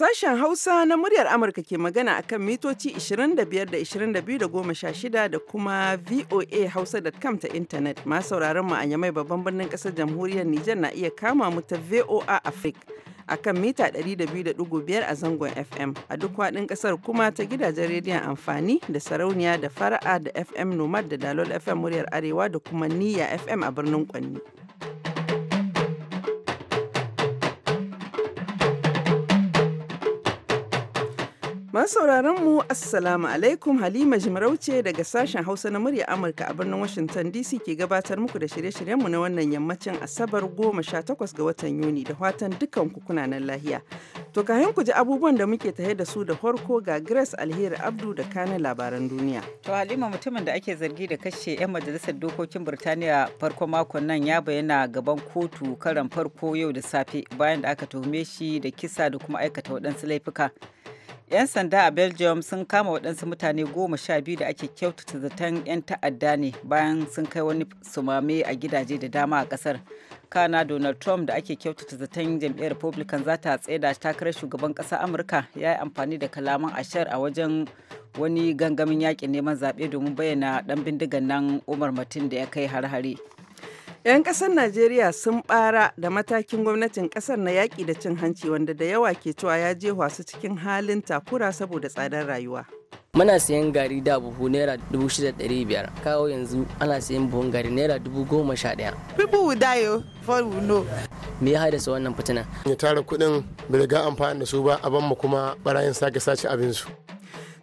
Sashen Hausa na muryar Amurka ke magana a kan mitoci 25 da 22 da 16 da kuma VOA Hausa.com ta intanet. ma sauraron mu a Yamai babban birnin ƙasar jamhuriyar Nijar na iya kama mu ta VOA Africa. a kan mita 200.5 a zangon FM a duk faɗin ƙasar kuma ta gidajen rediyon amfani da sarauniya da fara'a da FM Nomad da Dalol FM muryar Arewa da kuma Niyya FM a birnin Kwanni. sauraron mu Assalamu alaikum Halima Jimarauce daga sashen Hausa na murya Amurka a birnin Washington DC ke gabatar muku da shirye-shiryenmu na wannan yammacin Asabar 18 ga watan Yuni da watan dukan kuna nan lahiya. To ka ku ji abubuwan da muke tahe da su da farko ga Grace Alheri Abdu da kanin labaran duniya. To Halima mutumin da ake zargi da kashe 'yan majalisar dokokin Birtaniya farko makon nan ya bayyana gaban kotu karan farko yau da safe bayan da aka tuhume shi da kisa da kuma aikata waɗansu laifuka. 'Yan sanda a Belgium sun kama waɗansu mutane goma sha biyu da ake kyautata zaton 'yan ta'adda ne bayan sun kai wani sumame a gidaje da dama a ƙasar. Kana Donald Trump da ake kyautata zaton jam'iyyar Republican za ta da takarar shugaban ƙasa Amurka ya yi amfani da kalaman ashar a wajen wani gangamin yaƙin neman zaɓe domin bayyana ɗan bindigan nan Umar Matin da ya kai har-hare. 'Yan ƙasar Najeriya sun ɓara da matakin gwamnatin ƙasar na yaƙi da cin hanci wanda da yawa ke cewa ya je wasu cikin halin takura saboda tsadar rayuwa. Muna sayan gari da buhu naira dubu Kawo yanzu ana sayan buhun gari naira dubu goma sha ɗaya. People will die oh, for we know. Me ya haddasa wannan fitina? Ya tara kuɗin bai riga amfani da su ba, a ban kuma barayin sake sace abinsu.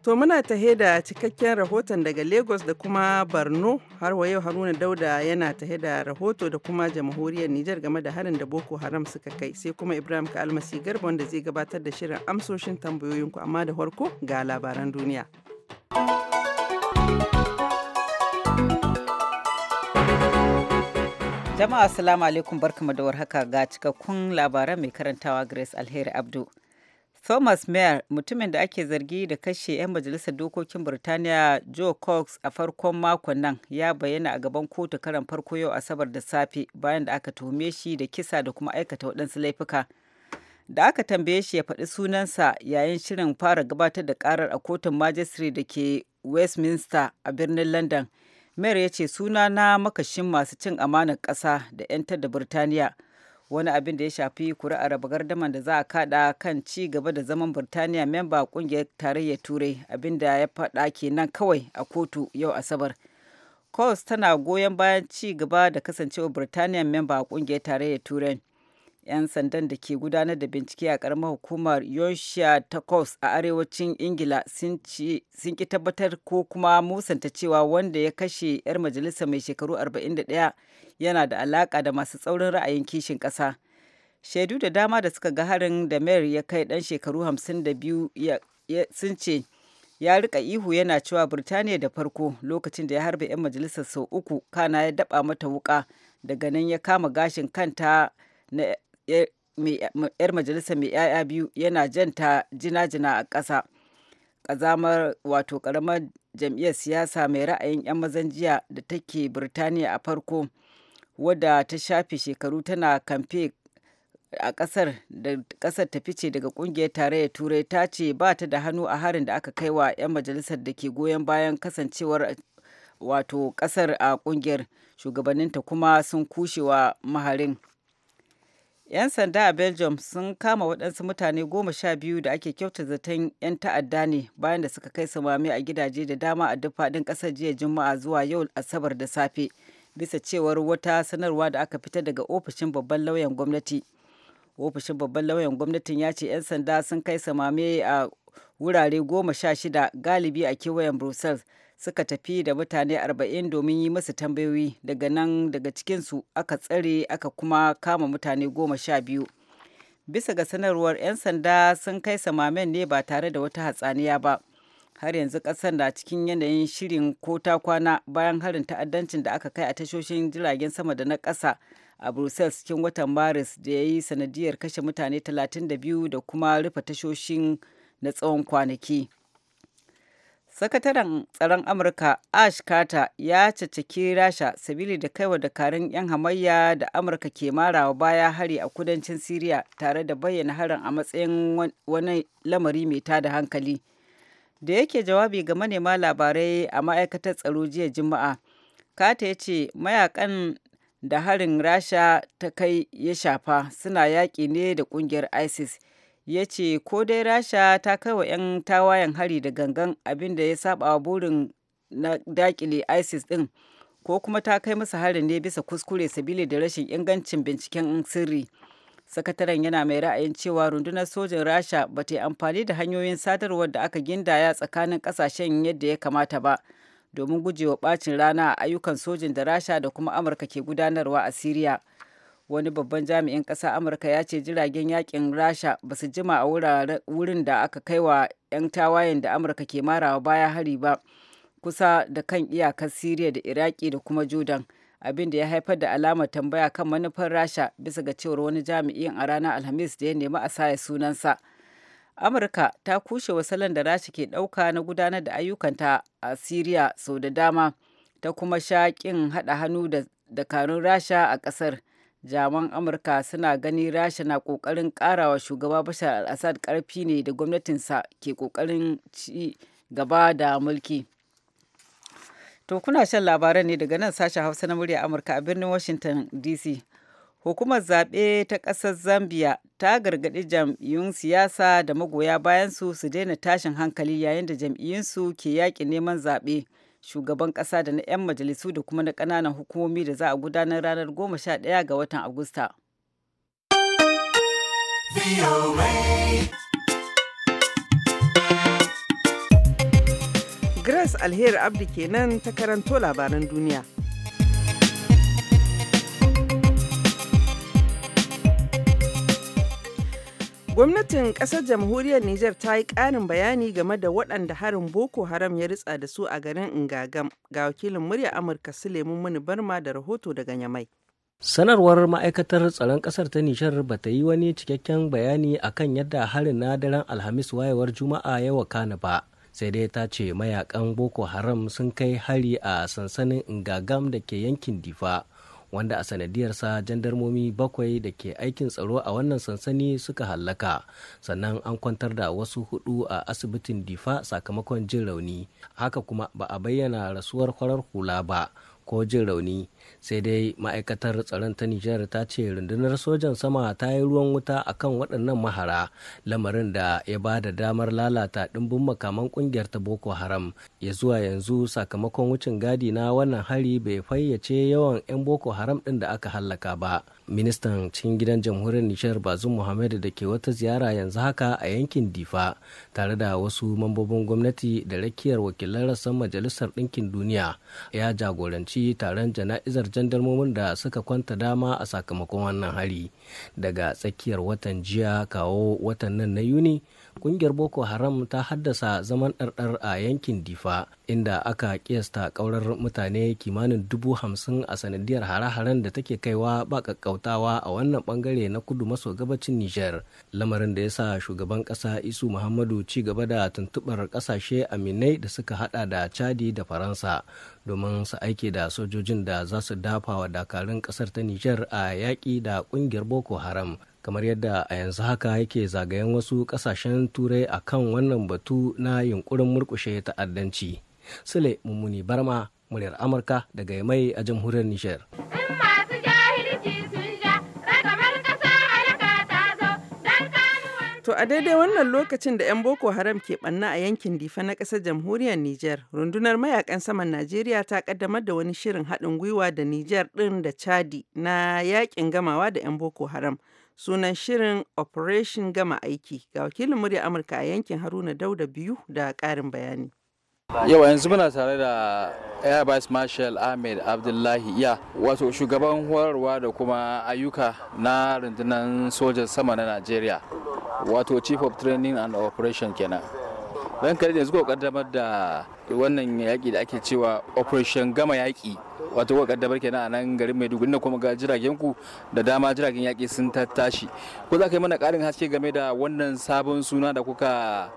To muna tahe da cikakken rahoton daga Lagos da kuma Borno har wa yau Haruna Dauda yana tahe da rahoto da kuma jamhuriyar Nijar game da harin da Boko Haram suka kai sai kuma Ibrahim Kalmasi Garba wanda zai gabatar da shirin amsoshin tambayoyinku amma da farko ga labaran duniya. Jama'a assalamu alaikum barkamu da warhaka ga cikakkun labaran mai karantawa Grace Alheri Abdu. thomas mayer mutumin da ake zargi da kashe 'yan majalisar dokokin birtaniya joe cox a farkon makon nan ya bayyana a gaban kotu karan farko yau asabar da safe bayan da aka tuhume shi da kisa da kuma aikata waɗansu laifuka da aka tambaye shi ya faɗi sunansa yayin shirin fara gabatar da karar a kotun majistare da ke westminster a birnin london mayer ya ce suna na makashin masu cin amanar ƙasa da 'yantar da birtaniya wani abin da ya shafi kuri'ar raba da za a kada kan ci gaba da zaman birtaniya memba kungiyar tarayyar turai abin da ya faɗa kenan kawai a kotu yau asabar cos tana goyon bayan ci gaba da kasancewa birtaniya memba a kungiyar tarayyar turai 'yan sandan da ke gudanar da bincike a karamar hukumar yorkshire ta coast a arewacin ingila sun ki tabbatar ko kuma musanta cewa wanda ya kashe 'yar majalisa mai shekaru 41 yana da alaka da masu tsaurin ra'ayin kishin ƙasa shaidu da dama da suka ga harin da mayor ya kai dan shekaru 52 sun ce ya rika ihu yana cewa birtaniya da farko lokacin da ya harba 'yan majalisa sau uku kana ya daba mata wuka daga nan ya kama gashin kanta na 'yar majalisa mai 'ya'ya biyu yana janta jina-jina a ƙasa ƙazamar wato ƙaramar jam'iyyar siyasa mai ra'ayin 'yan mazan jiya da take birtaniya a farko wadda ta shafe shekaru tana kamfe a ƙasar da ƙasar ta fice daga ƙungiyar tarayyar turai ta ce ba ta da hannu a harin da aka kai wa 'yan majalisar da ke goyon bayan kasancewar wato ƙasar a ƙungiyar shugabanninta kuma sun kushe wa maharin 'Yan sanda a Belgium sun kama waɗansu mutane goma sha biyu da ake kyauta zaton 'yan ta'adda ne bayan da suka kai samami a gidaje da dama a duk faɗin ƙasar jiya Juma'a zuwa yau Asabar da safe, bisa cewar wata sanarwa da aka fita daga ofishin babban lauyan gwamnati. Ofishin babban lauyan gwamnatin ya ce 'yan sanda sun kai samame a wurare goma sha shida galibi a kewayen Brussels suka tafi da mutane arba'in domin yi masu tambayoyi daga nan daga cikinsu aka tsare aka kuma kama mutane goma sha biyu bisa ga sanarwar 'yan sanda sun kai samamen ne ba tare da wata hatsaniya ba har yanzu ƙasar na cikin yanayin shirin ko ta kwana bayan harin ta'addancin da aka kai a tashoshin jiragen sama da na ƙasa a brussels cikin watan maris da ya yi sanadiyar kashe mutane 32 da kuma rufe tashoshin na tsawon kwanaki sakataren tsaron amurka ash carter ya caccaki rasha sabili da kaiwa dakarun 'yan hamayya da amurka ke marawa baya hari a kudancin syria tare da bayyana harin a matsayin wani lamari mai tada hankali da yake jawabi ga manema labarai a ma'aikatar tsaro jiya juma'a kata ya ce mayakan da harin rasha ta kai ya shafa suna yaƙi ne da ƙungiyar isis ya ce ko dai rasha ta kai wa 'yan tawayen hari da gangan abinda ya saba wa burin na dakile isis din ko kuma ta kai masa harin ne bisa kuskure sabili da rashin ingancin binciken sirri sakataren yana mai ra'ayin cewa rundunar sojin rasha ba ta yi amfani da hanyoyin sadarwar da aka gindaya tsakanin kasashen yadda ya kamata ba domin gujewa bacin rana a ayyukan sojin da rasha da kuma amurka ke gudanarwa a siriya wani babban jami'in ƙasa amurka ya ce jiragen yakin rasha ba su jima a wurin da aka kai wa 'yan tawayen da amurka ke marawa baya hari ba kusa da kan iyakar siriya da iraki da kuma jordan abin da ya haifar da alamar tambaya kan manufar rasha bisa ga cewar wani jami'in a ranar alhamis da ya nemi a saya sunansa amurka ta kushe wasalan da rasha ke ɗauka na gudanar da ayyukanta a siriya sau da dama ta kuma sha haɗa hannu da dakarun rasha a ƙasar jaman amurka suna gani rasha na kokarin karawa shugaba bashar al-assad karfi ne da gwamnatinsa ke kokarin ci gaba da mulki to kuna shan labaran ne daga nan sashen hausa na murya amurka a birnin washington dc hukumar zaɓe ta ƙasar zambia ta gargaɗi jam'iyyun siyasa da magoya bayan su daina tashin hankali yayin da jam'iyyunsu ke yaƙi neman zaɓe shugaban ƙasa da na 'yan majalisu da kuma na kananan hukumomi da za a gudanar ranar 11 ga watan Agusta. Grace Alheri Abdi kenan ta karanto labaran duniya. Gwamnatin ƙasar jamhuriyar Nijar ta yi ƙarin bayani game da waɗanda harin Boko Haram ya ritsa da su a garin Ngagam ga wakilin murya Amurka Suleiman Muni Barma da rahoto daga Nyamai. sanarwar ma'aikatar tsaron ƙasar ta nijar ba ta yi wani cikakken bayani akan yadda harin na daren alhamis wayewar juma'a ya wakana ba sai dai ta ce mayakan boko haram sun kai hari a sansanin ngagam da ke yankin difa wanda a sanadiyarsa jandarmomi bakwai da ke aikin tsaro a wannan sansani suka hallaka sannan an kwantar da wasu hudu a asibitin difa sakamakon jin rauni haka kuma ba a bayyana rasuwar kwarar hula ba ko jin rauni sai dai ma'aikatar tsaron ta nijar ta ce rundunar sojan sama ta yi ruwan wuta akan waɗannan mahara lamarin da ya ba da damar lalata ɗimbin makaman ƙungiyar ta boko haram ya zuwa yanzu sakamakon wucin gadi na wannan hari bai fayyace yawan 'yan boko haram ɗin da aka hallaka ba ministan cikin gidan jamhuriyar nijar bazum muhammad da ke wata ziyara yanzu haka a yankin difa tare da wasu mambobin gwamnati da rakiyar wakilan rassan majalisar ɗinkin duniya ya jagoranci taron jana'iza girgizar jandarmomin da suka kwanta dama a sakamakon wannan hari daga tsakiyar watan jiya kawo watan nan na yuni Kungiyar Boko Haram ta haddasa zaman ɗarɗar a yankin Difa, inda aka kiyasta ƙaurar mutane kimanin dubu hamsin a sanadiyar hare-haren da take kaiwa ba ƙaƙƙautawa a wannan ɓangare na kudu maso gabacin Nijar, lamarin da ya sa shugaban ƙasa Isu Muhammadu ci gaba da tuntuɓar ƙasashe aminai da suka haɗa da Chadi da Faransa domin su aike da sojojin da za su dafa wa dakarun ƙasar ta Nijar a yaƙi da ƙungiyar Boko Haram kamar yadda a yanzu haka yake zagayen wasu kasashen turai a kan wannan batu na yunkurin murkushe ta'addanci sule mummuni barma muryar amurka daga mai a jamhuriyar nijar To a daidai wannan lokacin da 'yan Boko Haram ke banna a yankin Difa na ƙasar jamhuriyar Nijar, rundunar mayakan saman Najeriya ta kaddamar da wani shirin haɗin gwiwa da Nijar ɗin da Chadi na yakin gamawa da 'yan Boko Haram. Sunan shirin Operation Gama Aiki ga wakilin murya Amurka a yankin Haruna Dauda biyu da karin bayani. Yau yanzu muna tare da Air Vice Marshal Ahmed Abdullahi ya wato shugaban horarwa da kuma ayyuka na rundunar sojan sama na nigeria wato Chief of Training and Operation kenan. Zan kare da zuwa kaddamar da wannan yaƙi da ake cewa Operation Gama Yaƙi wato kuka kaddamar kenan a nan garin Maiduguri na kuma ga jiragen ku da dama jiragen yaƙi sun tattashi. Ko za ka yi mana ƙarin haske game da wannan sabon suna da kuka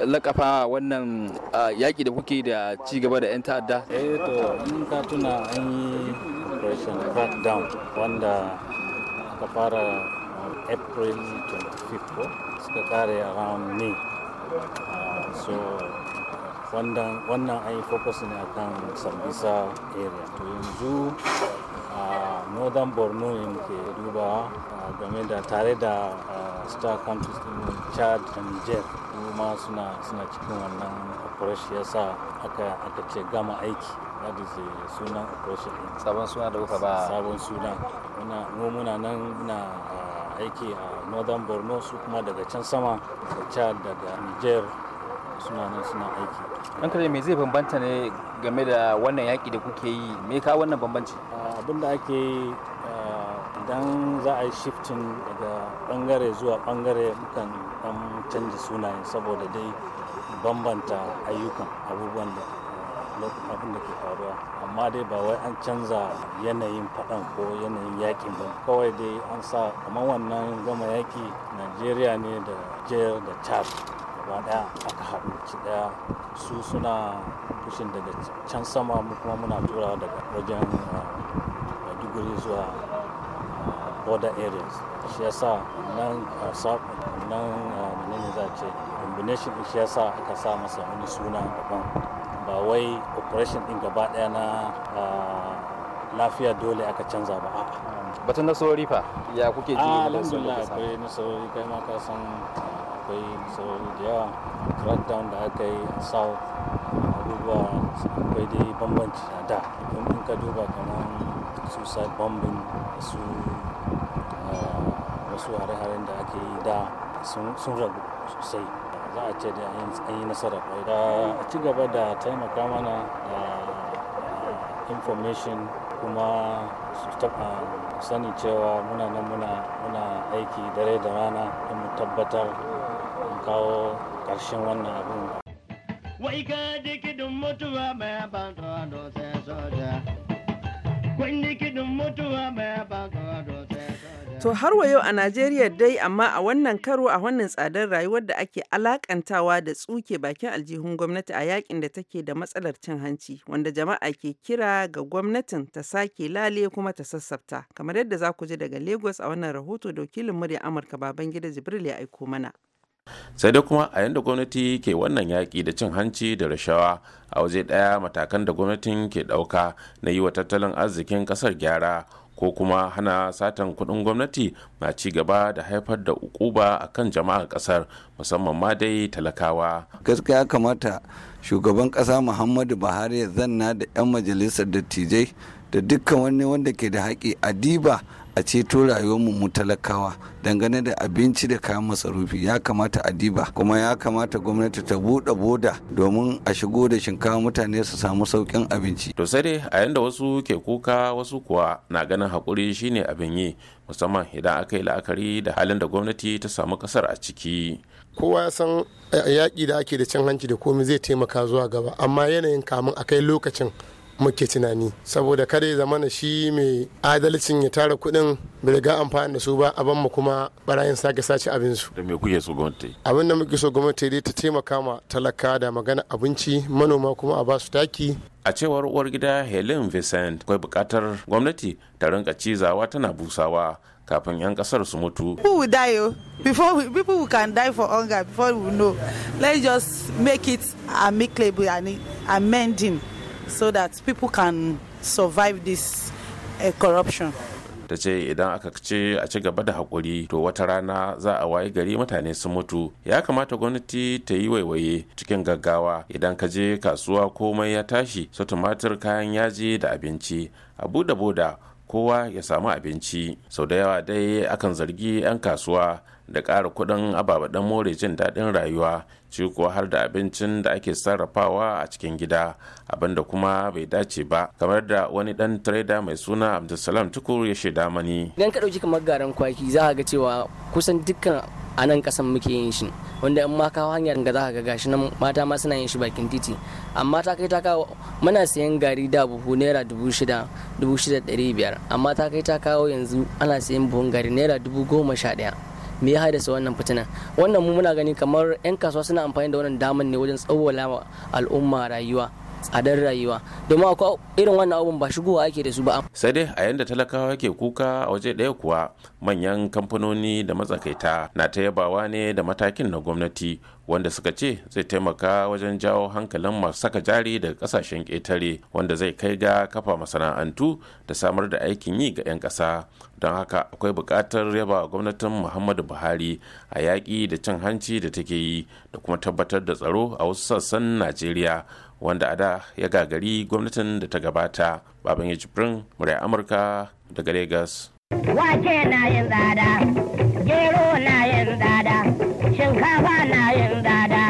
lakafa wannan yaƙi da kuke da ci gaba da 'yan ta'adda? Eh to, in ka tuna an yi Operation Back Down wanda aka fara April 25 ko suka kare around May. so wannan an yi focus ne akan sambisa area to yanzu a northern borno ne muke duba game da tare da star countries din chad da niger kuma suna suna cikin wannan operation yasa aka aka ce gama aiki that is sunan operation sabon suna da kuka ba sabon suna muna nan na aiki a northern borno su kuma daga can sama da chad daga niger suna nan suna aiki an kare me zai bambanta ne game da wannan yaƙi da kuke yi me ka wannan bambanci abin da ake yi idan za a yi shifting daga bangare zuwa bangare mukan dan canji sunayen saboda dai bambanta ayyukan abubuwan da abin da ke faruwa amma dai ba wai an canza yanayin faɗan ko yanayin yakin ba kawai dai an sa kamar wannan gama yaki najeriya ne da jiyar da chad gaba daya aka haɗu ci daya su suna fushin daga can sama mu kuma muna tura daga wajen ah, maiduguri zuwa ah, border areas shi yasa nan ah, nan ne za ce combination shi yasa aka sa masa wani suna daban ba wai operation din gaba daya na ah, lafiya dole aka canza ba a'a batun nasarori fa ya kuke ji ah, alhamdulillah akwai nasarori kai ma ka san akwai nasarori da yawa crackdown da aka yi a south abubuwa akwai dai bambanci a da in ka duba kamar suicide bombing su ah, wasu hare-haren da ake yi da sun ragu sosai za a ce da an yi nasara da a ci gaba da taimaka mana da ah, information kuma su taba ah, sani cewa muna nan muna muna aiki dare da rana don mu tabbatar kawo ƙarshen wannan abin wai ka dikidin mutuwa mai ban tsoro sai soja kun dikidin mutuwa mai ban tsoro To har wa yau a Najeriya dai amma a wannan karo a wannan tsadar rayuwar da ake alakantawa da tsuke bakin aljihun gwamnati a yakin da take da matsalar cin hanci wanda jama'a ke kira ga gwamnatin ta sake lale kuma ta sassafta kamar yadda za ku ji daga Lagos a wannan rahoto da wakilin murya Amurka Babangida Jibril ya aiko mana. sai dai kuma a yanda gwamnati ke wannan yaƙi da cin hanci da rashawa a waje ɗaya matakan da gwamnatin ke ɗauka na yi wa tattalin arzikin ƙasar gyara ko kuma hana satan kuɗin gwamnati na ci gaba da haifar da ukuba a kan jama'ar ƙasar musamman ma dai talakawa gaskiya kamata shugaban ƙasa muhammadu buhari ya zanna da 'yan majalisar dattijai da dukkan wani wanda ke da haƙi a diba a ceto rayuwar mu talakawa dangane da abinci da kayan masarufi ya kamata a diba kuma ya kamata gwamnati ta buɗe boda domin a shigo da shinkawa mutane su samu saukin abinci. To sai dai a yanda wasu ke kuka wasu kuwa na ganin haƙuri shine abin yi musamman idan aka yi la'akari da halin da gwamnati ta samu ƙasar a ciki. kowa ya san eh, yaƙi da ake da cin hanci da komai zai taimaka zuwa gaba amma yanayin kamun a kai lokacin muke tunani saboda kada ya zamana shi mai adalcin ya tara kuɗin bai riga amfani da su ba a ban mu kuma barayin sake sace abin su da me kuke so gwamnati abin da muke so gwamnati dai ta taimaka ma talaka da magana abinci manoma kuma a basu taki a cewar uwar gida helen vincent akwai bukatar gwamnati ta rinka cizawa tana busawa kafin 'yan kasar su mutu. Who will die oh? Before we, people who can die for hunger before we know. Let's just make it amicable and amending. so that people can survive this uh, corruption. ta ce idan aka ce a ci gaba da haƙuri to wata rana za a waye gari mutane sun mutu ya kamata gwamnati ta yi waiwaye cikin gaggawa idan ka je kasuwa komai ya tashi su tumatir kayan yaji da abinci a buda boda kowa ya samu abinci sau da yawa dai akan zargi 'yan kasuwa da ƙara kuɗin ababen more jin daɗin rayuwa ci kuwa har da abincin da ake sarrafawa a cikin gida abinda kuma bai dace ba kamar da wani ɗan trader mai suna abdulsalam tukur ya shaida mani idan ka ɗauki kamar garan kwaki za ga cewa kusan dukkan a nan ƙasan muke yin shi wanda in ma kawo hanyar ga za ka ga gashi nan mata ma suna yin shi bakin titi amma ta kai ta kawo muna sayan gari da buhu naira dubu shida dubu shida ɗari biyar amma ta kai ta kawo yanzu ana sayan buhun gari naira dubu goma sha ɗaya me ya haddasa wannan fitina wannan mu muna gani kamar 'yan kasuwa suna amfani da wannan daman ne wajen wa al'umma rayuwa tsadar rayuwa domin akwai irin wannan abun ba shigowa ake da su ba sai dai a yanda talakawa ke kuka a waje ɗaya kuwa manyan kamfanoni da matsakaita na ta yabawa ne da matakin na gwamnati wanda suka ce zai taimaka wajen jawo hankalin masu saka jari daga kasashen ƙetare wanda zai kai ga kafa masana'antu da samar da aikin yi ga 'yan ƙasa don haka akwai buƙatar yaba gwamnatin muhammadu buhari a yaƙi da cin hanci da take yi da kuma tabbatar da tsaro a wasu sassan najeriya wanda a da ya gagari gwamnatin da ta gabata baban ya jibrin murai amurka daga lagos wake na yin tsada gero na yin tsada shinkafa na yin tsada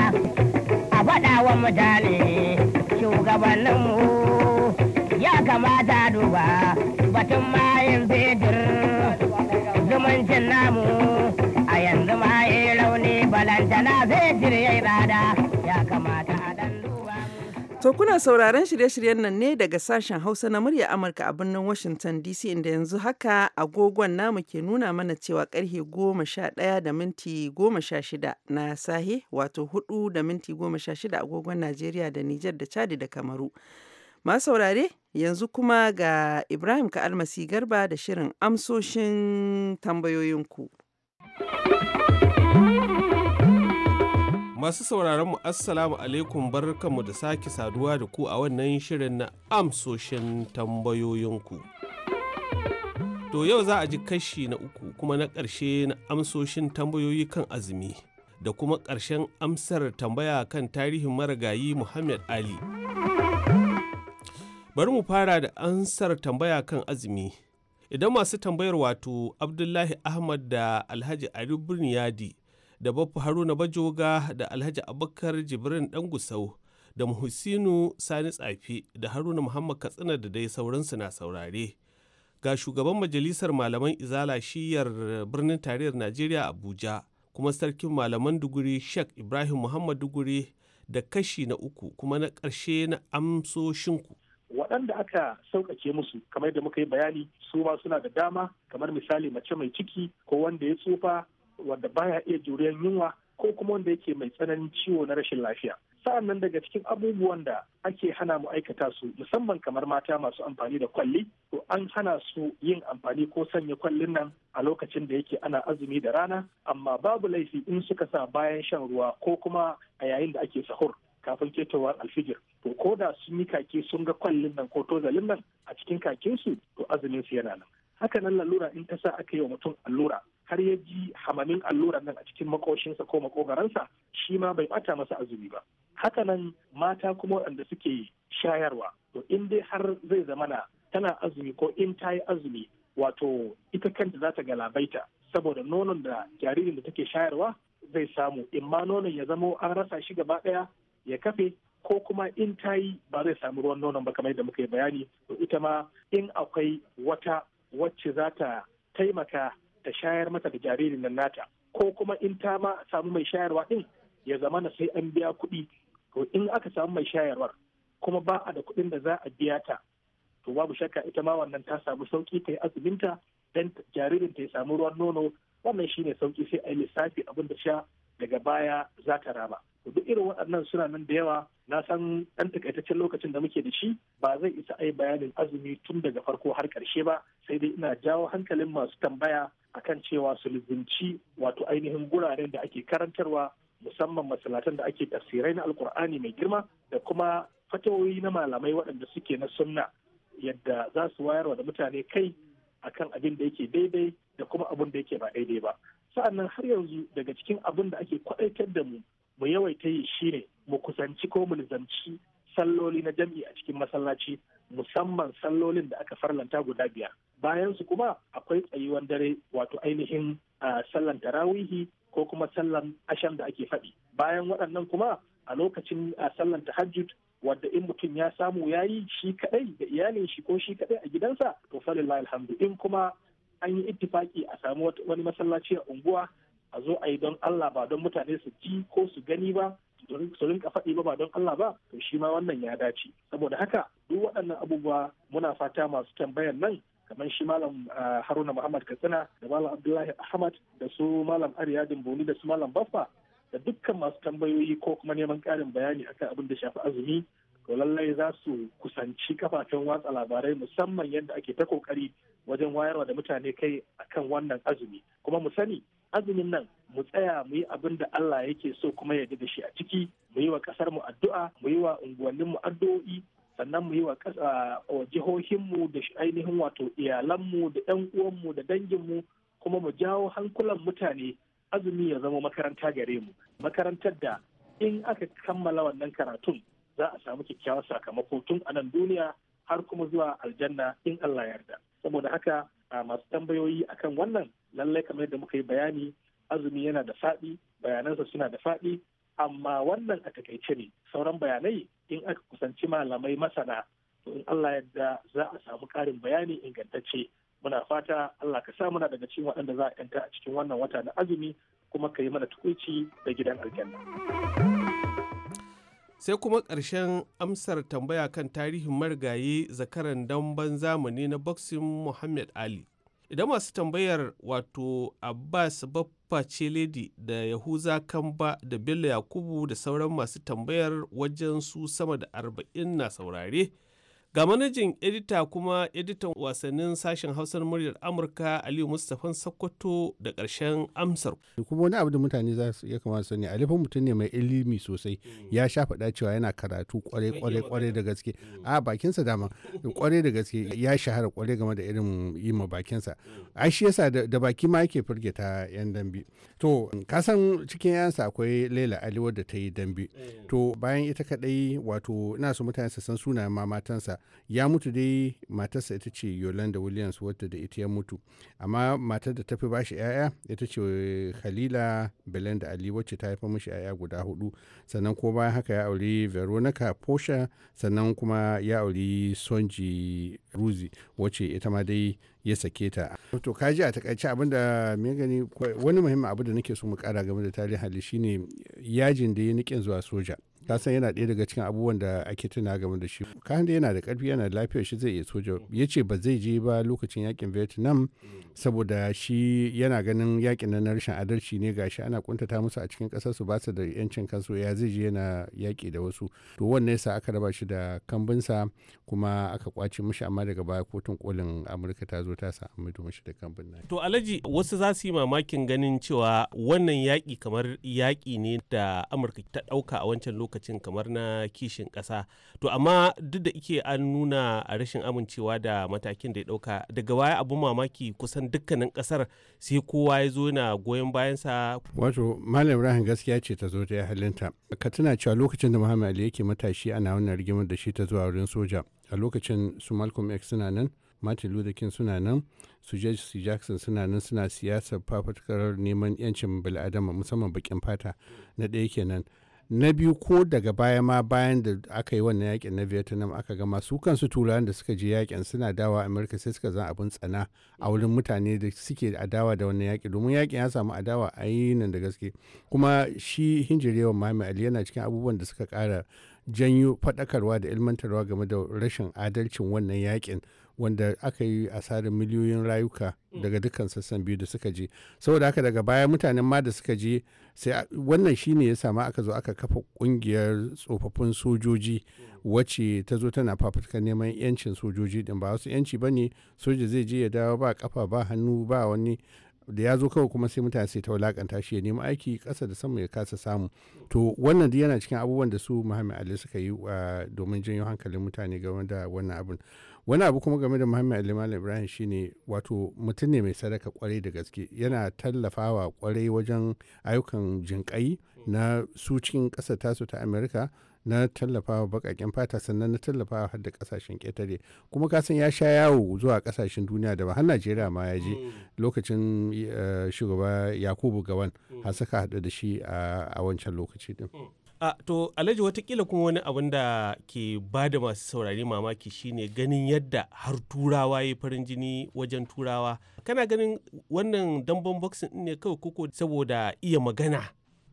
a faɗa wa mutane shugabanninmu ya kamata duba batun mayin fetur To kuna sauraron shirye-shiryen nan ne daga sashen Hausa na murya Amurka a birnin Washington DC inda yanzu haka agogon namu ke nuna mana cewa karhe goma sha ɗaya da minti goma sha shida na sahe wato hudu da minti goma sha shida agogon Najeriya da Nijar da Chadi da Kamaru. Masu saurare yanzu kuma ga Ibrahim Ka'almasi Garba da shirin amsoshin tambayoyinku. Masu sauraron mu Assalamu alaikum barkanmu da sake saduwa da ku a wannan shirin na amsoshin tambayoyinku. To yau za a ji kashi na uku kuma na ƙarshe na amsoshin tambayoyi kan azumi da kuma ƙarshen amsar tambaya kan tarihin marigayi Muhammad Ali. Bari mu fara da ansar tambaya kan azumi. Idan masu tambayar wato Abdullahi Ahmad da Alhaji Ali Yadi. da Baffa Haruna Bajoga da Alhaji Abubakar Jibrin ɗan Gusau da Muhsinu Sani Tsafi da Haruna Muhammad Katsina da dai sauransu na saurare. Ga shugaban majalisar malaman Izala shiyar birnin tarayyar Najeriya Abuja kuma sarkin malaman Duguri Sheikh Ibrahim Muhammad Duguri da kashi na uku kuma na ƙarshe na amsoshinku. waɗanda aka sauƙaƙe musu kamar da muka yi bayani su ma suna da dama kamar misali mace mai ciki ko wanda ya tsufa wanda baya iya juriyar yunwa ko kuma wanda yake mai tsananin ciwo na rashin lafiya sa'an nan daga cikin abubuwan da ake hana mu aikata su musamman kamar mata masu amfani da kwalli to an hana su yin amfani ko sanya kwallin nan a lokacin da yake ana azumi da rana amma babu laifi in suka sa bayan shan ruwa ko kuma a yayin da ake sahur kafin ketowar alfijir to ko da sun yi kake sun ga kwallin nan ko tozalin nan a cikin kakinsu to azumin su yana nan haka nan lalura in ta sa aka yi wa mutum allura hamamin alluran nan a cikin makoshinsa ko makogaransa shi ma bai bata masa azumi ba hakanan mata kuma waɗanda suke shayarwa to in dai har zai zamana tana azumi ko in ta yi azumi wato ita kanta za ta galabaita saboda nonon da jaririn da take shayarwa zai samu in ma nonon ya zamo an rasa shi gaba ɗaya ya kafe ko kuma in ta yi ba zai samu ruwan nonon ba kamar yadda muka yi bayani to ita ma in akwai wata wacce za ta taimaka ta shayar mata da jaririn nan nata ko kuma in ta ma samu mai shayarwa din ya zama na sai an biya kuɗi to in aka samu mai shayarwar kuma ba a da kuɗin da za a biya ta to babu shakka ita ma wannan ta samu sauki ta yi azuminta dan jaririn ta ya samu ruwan nono wannan shine sauki sai a yi lissafi abin da sha daga baya za ta raba duk irin waɗannan suna nan da yawa na san ɗan takaitaccen lokacin da muke da shi ba zai isa ai bayanin azumi tun daga farko har ƙarshe ba sai dai ina jawo hankalin masu tambaya a kan cewa su lizinci wato ainihin guraren da ake karantarwa musamman masalatan da ake tafsirai na alkur'ani mai girma da kuma fatawoyi na malamai waɗanda suke na sunna yadda za su wayarwa da mutane kai akan abin da yake daidai da kuma abin da yake ba daidai ba sa'annan har yanzu daga cikin abin da ake kwaɗaitar da mu mu yawaita yi shine mu kusanci ko mu nizamci salloli na jam'i a cikin masallaci musamman sallolin da aka farlanta guda biyar bayan su kuma akwai tsayuwan dare wato ainihin sallan tarawihi ko kuma sallan asham da ake faɗi bayan waɗannan kuma a lokacin sallan tahajjud wadda in mutum ya samu ya yi shi kaɗai da iyalin shi ko shi kaɗai a gidansa to falilla alhamdu in kuma an yi ittifaki a samu wani masallaci a unguwa a zo a yi don Allah ba don mutane su ji ko su gani ba su rinka faɗi ba ba don Allah ba to shi ma wannan ya dace saboda haka duk waɗannan abubuwa muna fata masu tambayan nan kamar shi malam ah, haruna muhammad katsina da malam abdullahi ahmad da su malam ariyadin boni da su malam baffa da dukkan masu tambayoyi ko kuma neman ƙarin bayani akan abin da shafi azumi to lallai za su kusanci kafafen watsa labarai musamman yadda ake ta kokari wajen wayarwa da mutane kai akan wannan azumi kuma mu sani azumin nan mu tsaya mu yi abin da Allah yake so kuma ya da shi a ciki mu yi wa kasar mu addu'a mu yi wa unguwannin mu addu'o'i sannan mu yi wa jihohinmu da ainihin wato iyalanmu da yan uwanmu da danginmu kuma mu jawo hankulan mutane azumi ya zama makaranta gare mu makarantar da in aka kammala wannan karatun za a samu kyakkyawar sakamako tun a nan duniya har kuma zuwa aljanna in Allah yarda. saboda haka a masu tambayoyi akan wannan lallai kamar yadda muka yi bayani azumi yana da faɗi bayanansa suna da faɗi amma wannan a takaice ne sauran bayanai in aka kusanci malamai masana to in Allah yadda za a samu ƙarin bayani ingantacce muna fata Allah ka sa muna daga cikin waɗanda za a yanta a cikin wannan wata na azumi kuma ka yi mana tukuici da gidan aljanna. sai kuma ƙarshen amsar tambaya kan tarihin marigayi zakaran damban zamani na boxing muhammad ali idan masu tambayar wato abbas baffa ledi da yahuza kamba da bello yakubu da sauran masu tambayar wajen su sama da arba'in na saurare Ga manajin edita kuma editan wasannin sashen hausar muryar Amurka Aliyu Mustapha Sokoto da karshen amsar. Kuma wani abu da mutane za su iya kamata sani alifin mutum ne mai ilimi sosai mm. ya sha faɗa cewa yana karatu kwarai kwarai kwarai da gaske mm. a bakinsa dama kwarai da gaske ya shahara kwarai game da irin yi ma bakinsa. Mm. Ai shi yasa da baki ma yake ta 'yan dambe. To ka san cikin 'yansa akwai Laila aliwar da ta yi dambe. To bayan ita kaɗai wato ina so mutane su san sunayen ma matansa ya mutu dai matarsa ita ce yolanda williams wadda da ita ya mutu amma matar da tafi bashi 'ya'ya ita ce eh, khalila da ali wacce ta haifa mashi 'ya'ya guda hudu sannan ko bayan haka ya auri veronica posha sannan kuma ya auri sonji ruzi wacce ita ma dai ya sake ta to kaji a takaice abin da me gani wani muhimmin abu da nake so mu kara game da tarihin hali shine yajin da ya nikin zuwa soja san yana ɗaya daga cikin abubuwan da ake tuna game da shi ka da yana da ƙarfi yana da lafiyar shi zai iya soja ya ce ba zai je ba lokacin yakin vietnam saboda shi yana ganin yakin na rashin adalci ne ga shi ana kuntata musu a cikin ƙasar su ba su da yancin kansu ya zai je yana yaƙi da wasu to wannan yasa aka raba shi da kambinsa kuma aka kwace mishi amma daga baya kotun kolin amurka ta zo ta samu mishi da kambin na to alhaji wasu za su yi mamakin ganin cewa wannan yaƙi kamar yaƙi ne da amurka ta ɗauka a wancan lokacin lokacin kamar na kishin ƙasa to amma duk da ike an nuna a rashin amincewa da matakin da ya ɗauka daga baya abun mamaki kusan dukkanin ƙasar sai kowa ya zo na goyon bayansa wato malam ibrahim gaskiya ce ta zo ta halinta ka tuna cewa lokacin da muhammad ali yake matashi ana wannan rigimar da shi ta zuwa wurin soja a lokacin su malcolm x suna nan martin luther king suna nan su jesse jackson suna nan suna siyasar fafatkarar neman yancin bil'adama musamman bakin fata na ɗaya kenan na biyu ko daga baya ma bayan da aka yi wannan yakin na vietnam aka gama su kansu turawan da suka je yakin suna dawa amurka sai suka zan abin tsana a wurin mutane da suke adawa da wannan yaki domin yakin ya samu adawa a nan da gaske kuma shi hinjirewa mahimmi ali yana cikin abubuwan da suka kara janyo faɗakarwa da ilmantarwa game da rashin adalcin wannan yakin wanda aka yi asarar miliyoyin rayuka mm. daga dukkan sassan biyu da suka je saboda haka daga baya mutanen ma da suka je sai wannan shine ya samu aka zo aka kafa kungiyar tsofaffin sojoji mm. wacce ta zo tana fafutukar neman yancin sojoji din ba wasu yanci bane soja zai je ya dawo ba kafa ba hannu ba wani da ya zo kawai kuma sai mutane sai ta wulakanta shi ya nemi aiki ƙasa da sama ya kasa samu to wannan duk yana cikin abubuwan da su muhammad ali suka yi ah, domin janyo hankalin mutane game da wannan abun. wani abu kuma game da muhammad ali malam ibrahim shine wato mutum ne mai sadaka kwarai da gaske yana tallafawa kwarai wajen ayyukan jinƙai na su cikin ƙasa tasu ta amerika na tallafawa baƙaƙen fata sannan na tallafa har da kasashen ƙetare kuma kasan ya sha yawo zuwa kasashen duniya da har najeriya ma ya je mm. lokacin eh, shugaba yakubu gawan mm. har saka haɗu da shi a wancan lokaci din. Mm. a to alhaji watakila kuma wani abun da ke ba da masu saurari mamaki shine ganin yadda har turawa ya farin jini wajen turawa kana ganin wannan damben boxing ne kawai koko saboda iya magana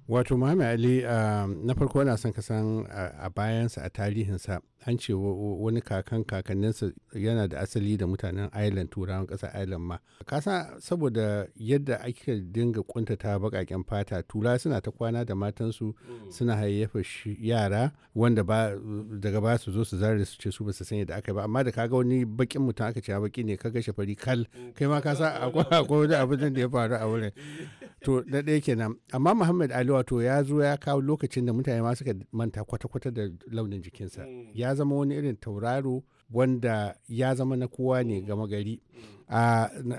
wato mami ali ah, na farko na son kasan ah, a bayansa a tarihinsa an ce wani kakan kakanninsa yana da asali da mutanen Ireland turawan ƙasar Ireland ma. Kasa saboda yadda ake dinga kuntata baƙaƙen fata tura suna ta kwana da matansu suna hayayyafa yara wanda ba daga ba su zo su zarare su ce su ba su san yadda aka ba amma da kaga wani bakin mutum aka ce baki ne kaga shafari kal kai ma kasa akwai wani abin da ya faru a wurin to na ɗaya kenan amma Muhammad Ali wato ya zo ya kawo lokacin da mutane ma suka manta kwata-kwata da launin jikinsa ya ya zama wani irin tauraro wanda ya zama na kowa ne gama gari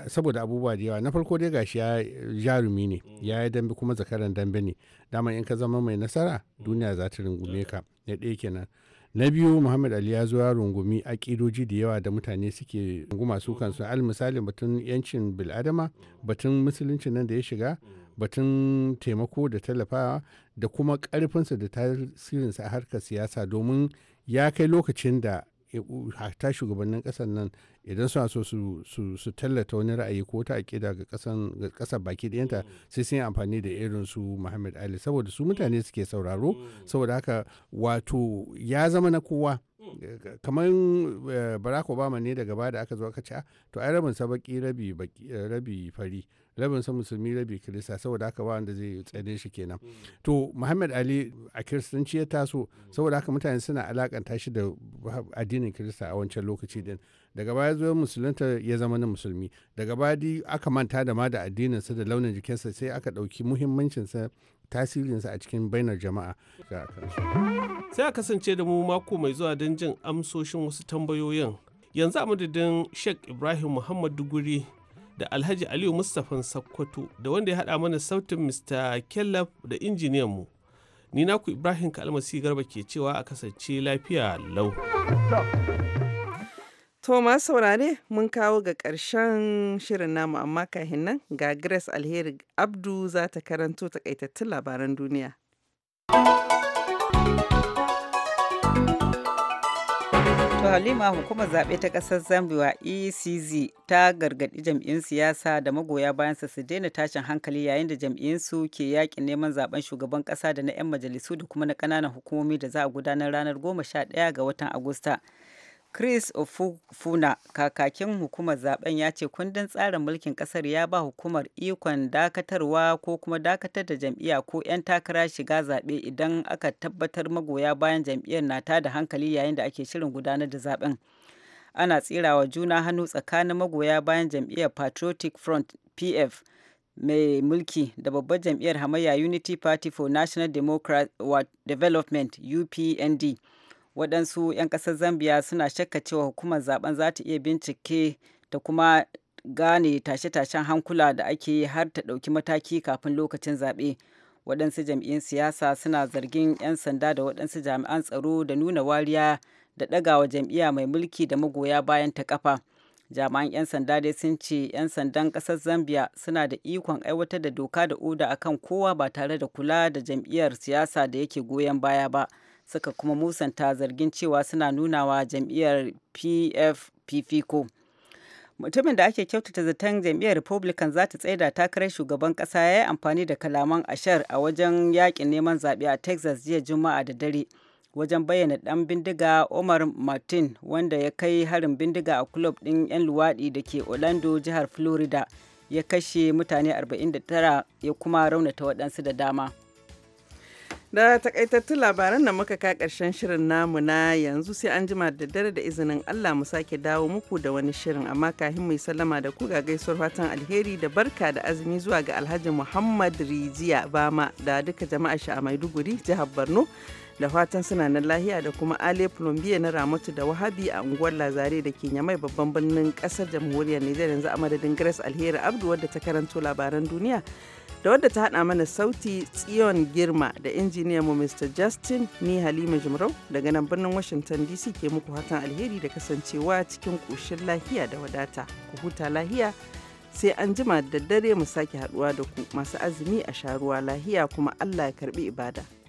saboda abubuwa da yawa na farko dai gashi ya jarumi ne ya yi dambe kuma zakaran dambe ne dama in ka zama mai nasara duniya za ta rungume ka na ɗaya kenan na biyu muhammad ali ya zo ya rungumi ƙidoji da yawa da mutane suke runguma su kansu al misali batun yancin bil'adama batun musulunci nan da ya shiga batun taimako da tallafawa da kuma ƙarfinsa da tasirinsa a harkar siyasa domin ya kai lokacin da ta shugabannin ƙasar nan idan suna so su tallata wani ra'ayi ko ta aƙida ga ƙasa baki ɗayanta sai sun yi amfani da irin su muhammad ali saboda su mutane suke sauraro mm. saboda haka wato ya zama na kowa kamar eh, barack obama ne daga baya da aka zo aka ce ah, to ai rabin sa baki rabi eh, rabi fari rabin sa musulmi rabi kirista saboda haka wanda zai tsane shi kenan mm. to muhammad ali a kiristanci ya taso mm. saboda haka mutane suna alakanta shi da addinin kirista a wancan lokaci din daga baya zo musulunta ya zama na musulmi daga baya aka manta da ma da addinin sa da launin jikinsa sai aka dauki muhimmancin sa tasirinsa a cikin bainar jama'a sai a kasance da mu mako mai zuwa don jin amsoshin wasu tambayoyin yanzu a madadin sheikh ibrahim muhammad duguri da alhaji aliyu mustapha sakkwato da wanda ya haɗa mana sautin mr kellab da injiniyan mu ni naku ibrahim kalmasi garba ke cewa a kasance lafiya lau To saurare mun kawo ga ƙarshen shirin namu amma kahin nan ga Grace Alheri Abdu za ta karanto takaitattun labaran duniya. To Halima hukumar zaɓe ta ƙasar Zambia ECZ ta gargaɗi jam'iyyun siyasa da magoya bayan su daina tashin hankali yayin da su ke yakin neman zaben shugaban ƙasa da na 'yan majalisu da kuma na ƙananan hukumomi da za a gudanar ranar 11 ga watan Agusta. chris ofufuna kakakin hukumar zaben ya ce kundin tsarin mulkin kasar ya ba hukumar ikon dakatarwa ko kuma dakatar da jam'iyya ko 'yan takara shiga zaɓe idan aka tabbatar magoya bayan jam'iyyar na da hankali yayin da ake shirin gudanar da zaben ana tsirawa juna hannu tsakanin magoya bayan jam'iyyar patriotic front pf mai mulki da babbar jam'iyyar hamayya unity party for national democrat development upnd waɗansu 'yan ƙasar zambia suna shakka cewa hukumar zaben za ta iya bincike ta kuma gane tashe-tashen hankula da ake har ta ɗauki mataki kafin lokacin zaɓe waɗansu jam'iyyun siyasa suna zargin 'yan sanda da waɗansu jami'an tsaro da nuna wariya da ɗagawa jam'iyya mai mulki da magoya bayan ta kafa jami'an 'yan sanda dai sun ce 'yan sandan ƙasar zambia suna da ikon aiwatar da doka da oda akan kowa ba tare da kula da jam'iyyar siyasa da yake goyon baya ba suka kuma musanta zargin cewa suna nunawa jam'iyyar pf ko. mutumin da ake kyautata zaton jam'iyyar republican za ta tsaida takarar shugaban kasa ya yi amfani da kalaman ashar a wajen yakin neman zaɓe a texas jiya juma'a da dare wajen bayyana ɗan bindiga omar martin wanda ya kai harin bindiga a kulob ɗin 'yan luwaɗi da ke orlando jihar florida ya kashe mutane 49 ya kuma raunata waɗansu da dama Da takaitattun labaran da muka ka karshen shirin namu na yanzu sai an jima da daddare da izinin Allah mu sake dawo muku da wani shirin amma kahin mu sallama da ku ga gaisuwar fatan alheri da barka da azumi zuwa ga Alhaji Muhammad Rijiya Bama da duka jama'a shi a Maiduguri jihar Borno. da fatan suna nan lahiya da kuma ale plombier na ramatu da wahabi a unguwar lazare da ke nyamai babban birnin kasar jamhuriyar nijar yanzu a madadin grace alheri abdu wadda ta karanto labaran duniya da wadda ta hada mana sauti tsion girma da injiniyan mu mr justin ni halima jimrau daga nan birnin washington dc ke muku hatan alheri da kasancewa cikin kushin lahiya da wadata ku huta lahiya sai an jima da dare mu sake haduwa da ku masu azumi a sharuwa lahiya kuma allah ya karbi ibada